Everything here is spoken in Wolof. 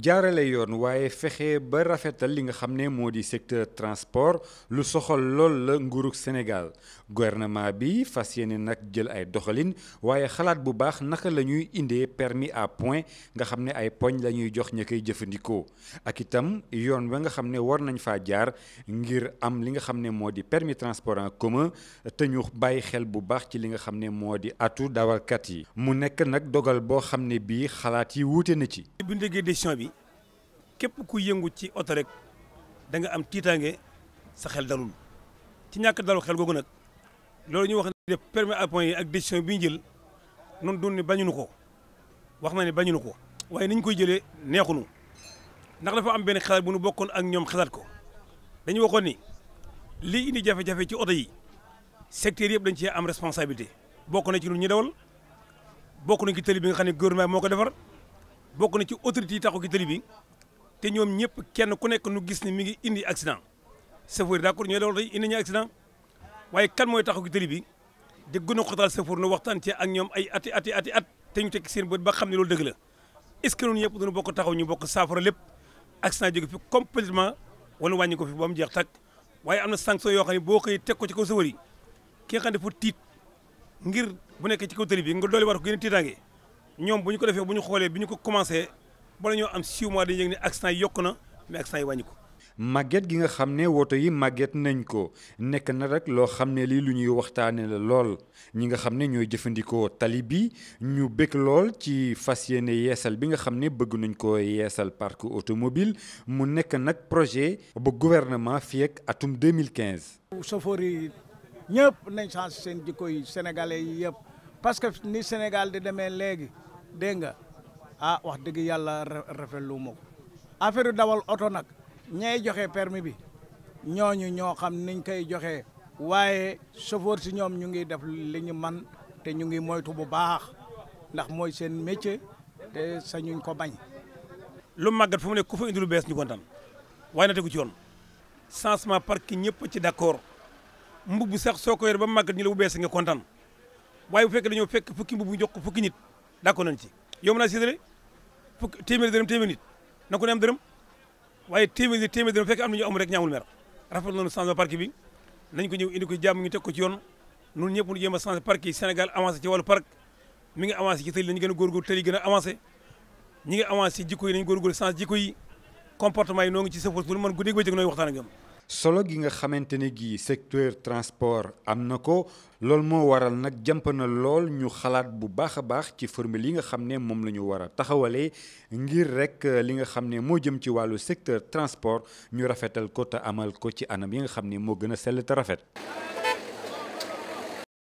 jaarale yoon waaye fexe ba rafetal li nga xam ne moo di secteur transport lu soxal lool la nguurug Sénégal gouvernement bi fas yéene nag jël ay doxalin waaye xalaat bu baax naka la ñuy indee permis à point nga xam ne ay poñ la ñuy jox ña koy jëfandikoo ak itam yoon ba nga xam ne war nañ faa jaar ngir am li nga xam ne moo di permis transport en commun te ñu bàyyi xel bu baax ci li nga xam ne moo di atu dawalkat yi mu nekk nag dogal boo xam ne bii xalaat yi wuute na ci. bi décision bi. képp ku yëngu ci oto rek da nga am tiitaange sa xel dalul ci ñàkk dalu xel googu nag loolu ñu wax ne permis à point yi ak décision bi ñu jël noonu dun ne bañunu ko wax na ne bañunu ko waaye ni koy jëlee neexunu ndax dafa am benn xalaat bu nu bokkoon ak ñoom xalaat ko dañu waxoon ni lii indi jafe-jafe ci oto yi secteur yëpp dañ cee am responsabilité bokk na ci lu ñu dawal bokk na ci tëli bi nga xam ne gouvernement moo ko defar bokk na ci autorité yi taxu ci tëli te ñoom ñëpp kenn ku nekk nu gis ni mi ngi indi accident chauffeur d'accord ñooy dawal tey indi ñu accident waaye kan mooy taxaw gi tëli bi di gën ko xotaal chauffeur nu waxtaan ci ak ñoom ay ati at te ñu tekki seen bët ba xam ne loolu dëgg la est-ce que bokk taxaw ñu bokk saafara lépp accident jóge fi complètement wala wàññi ko fi ba mu jeex tàkk waaye am na sanction yoo xam boo koy teg ko ci kaw chauffeur yi ki nga xam tiit ngir bu nekk ci kaw tëli nga doole war ko gën a tiitaange ñoom bu ñu ko defee bu ñu xoolee bi ñu ko commencé bala ñoo am 6 mois dañuy yëg ne accident yi yokku na mais accident yi wàññi ko. màgget gi nga xam ne woto yi màgget nañ ko nekk na rek loo xam ne lii lu ñuy waxtaane la lool ñi nga xam ne ñooy jëfandikoo tali bi ñu bëgg lool ci fas yéene yeesal bi nga xam ne bëgg nañ ko yeesal parc automobile mu nekk nag projet ba gouvernement fii atum 2015. chauffeur yi ñëpp nañ changé seen jikko yi sénégalais yi yëpp parce que ni Sénégal di demee léegi dégg nga. ah wax dëgg yàlla rafetlu ma ko affaire dawal oto nag ñay joxe permi bi ñooñu ñoo xam niñ koy joxe waaye chauffeur si ñoom ñu ngi def li ñu man te ñu ngi moytu bu baax ndax mooy seen métier te sañuñ ko bañ. lu màggat fu mu ne ku fa indi lu bees ñu kontaan waaye na tegu ci yoon changement parking ñëpp ci d'accord mbubb sax soo ko yor ba màggat ñu la bu bees nga kontaan waaye bu fekkee dañoo fekk fukki mbubb jox ko fukki nit d'accord nañ ci. yomb naa séddale fukk téeméeri dërëm téeméeri nit na ko ne am dërëm waaye téeméeri nit téeméeri dërëm fekk am na ñu am rek ñaamul mer rafet nañu changement parc bi nañ ko ñëw indi ko jàmm ñu teg ko ci yoon ñun ñëpp ñu jéem a changé parc yi Sénégal avancé ci wàllu parc mi ngi avancé ci tëli nañu gën a góorgóor tëli gën a avancé ñi ngi avancé ci jikko yi nañu góorgóor changé jikko yi comportement yi noo ngi ci sëfoos pour mën guddeeg bëccëg nooy waxtaan ak ñoom solo gi nga xamante ne gii secteur transport am na ko loolu moo waral nag jàmp na lool ñu xalaat bu baax a baax ci formule yi nga xam ne moom la ñu war a taxawalee ngir rek euh, li nga xam ne moo jëm ci wàllu secteur transport ñu rafetal ko te amal ko ci anam yi nga xam ne moo gën a sell te rafet.